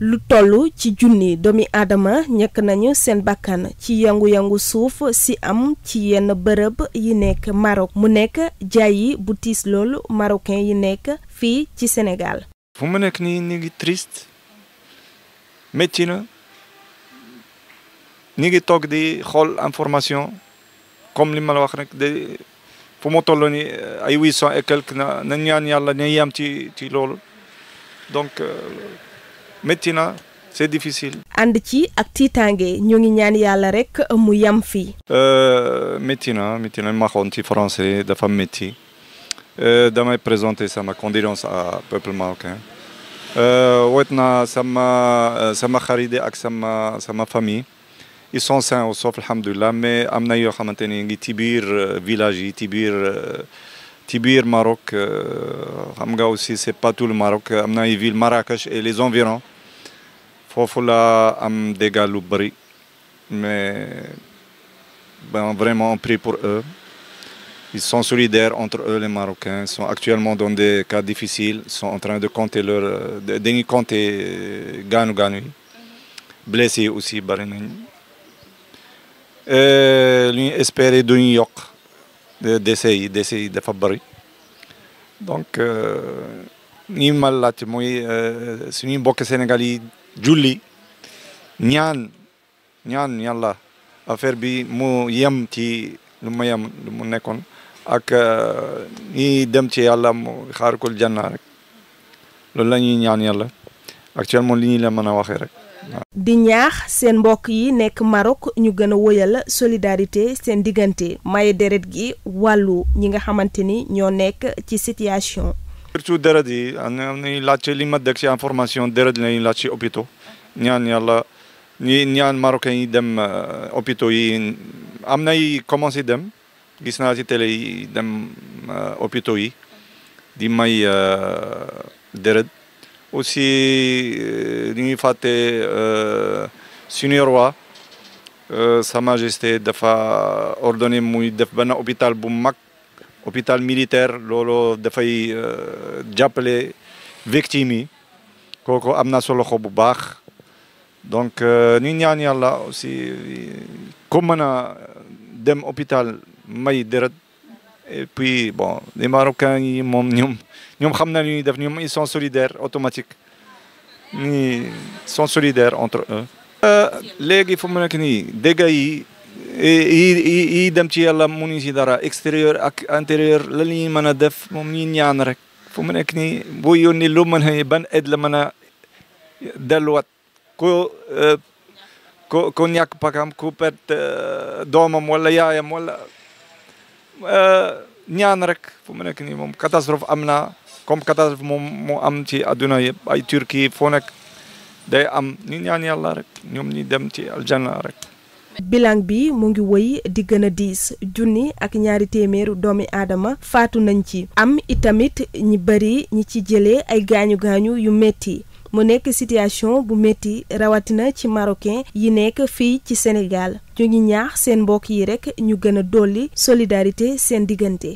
lu toll ci junni doomi aadama ñàkk nañu seen bakkan ci yangu-yangu suuf si am ci yenn bërëb yi nekk Maroc mu nekk jaayi bu tiis loolu marocain yi nekk fii ci senegal fu mu nekk nii ni ngi triste métti ni ngi toog di xool information comme li ma la wax rek fu mu toll ni ay huit cent et quelque na na ñaan yàlla ne yam ci ci loolu donc euh, métti na c'est difficile. ànd ci ak tiitaange ñu ngi ñaan yàlla rek mu yam fii. Euh, métti na métti na ma waxoon ci français dafa métti euh, damay présenter sama condoléance à peuple marocain euh, woote na sama sama xarit ak sama sama famille. ils sont sains au sauf alhamdulilah mais am na yoo xamante ni ngi ci biir village yi ci biir. ci biir Maroc xam euh, nga aussi c'est pas tout le Maroc am na ay ville Marrakech et les environs foofu la am dégâts lu bëri mais bon vraiment on pour eux ils sont solidaires entre eux les Marocains sont actuellement dans des cas difficiles sont en train de compter leur dañuy compter euh, gaanu gaanu yi blessés aussi bëri nañ euh, lu ñu espérer duñu yokk décès yi décès yi dafa bëri donc euh, ni ma laaj mooy euh, suñuy mbokk Sénégal yi julli ñaan ñaan yàlla affaire bi moo yem ci lu mu yem lu mu nekkoon ak euh, ñi dem ci yàlla mu xaarikul janna rek loolu la ñuy ñaan yàlla actuellement li ñu la mën a waxee rek di ñaax seen mbokk yi nekk Maroc ñu gën a woyal solidarité seen diggante maye deret gi wàllu ñi nga xamante ni ñoo nekk ci situation. surtout deret yi am nañu laajte li ma dégg ci information deret lañuy laaj ci hôpitaux ñaan yàlla ñi ñaan marocain yi dem euh, hôpitaux yi am nay commencé dem gis naa ci télé yi dem euh, hôpitaux yi di may euh, deret aussi ñu ngi fàtte suñu roi Sa Majesté dafa ordonné muy def benn hôpital bu mag hôpital militaire loolu dafay jàppale victimes yi kooku am na solo xo bu baax donc ñu ñaan yàlla aussi ko mën a dem hôpital may deret Et puis, bon, les Marocains, ils ils son solidaire automatique. Ils sont solidaires entre eux. E, léegi fu mu nekk nii dégâts yi e, yi yi dem ci yàlla mënuñ si dara extérieur ak intérieur la ñuy mën a def moom ñuy ñaan rek fu mu nekk nii boo yónnee lu mën a ban aide la mën a delluwaat ko e, ko ko ñàkk doomam wala yaayam wala ñaan rek fu mu nekk nii moom catastrophe am na comme catastrophe moom moo am ci adduna yëpp ay Turquie foo nekk day am ñu ñaan yàlla rek ñoom ñu dem ci aljanna rek. bilan bi mu ngi woy di gën a diis junni ak ñaari téeméeru doomi aadama faatu nañ ci am itamit ñi bëri ñi ci jëlee ay gaañu gaañu yu metti mu nekk situation bu métti rawatina ci marocain yi nekk fii ci Sénégal ñu ngi ñaax seen mbokk yi rekk ñu gën a dolli solidarité seen diggante.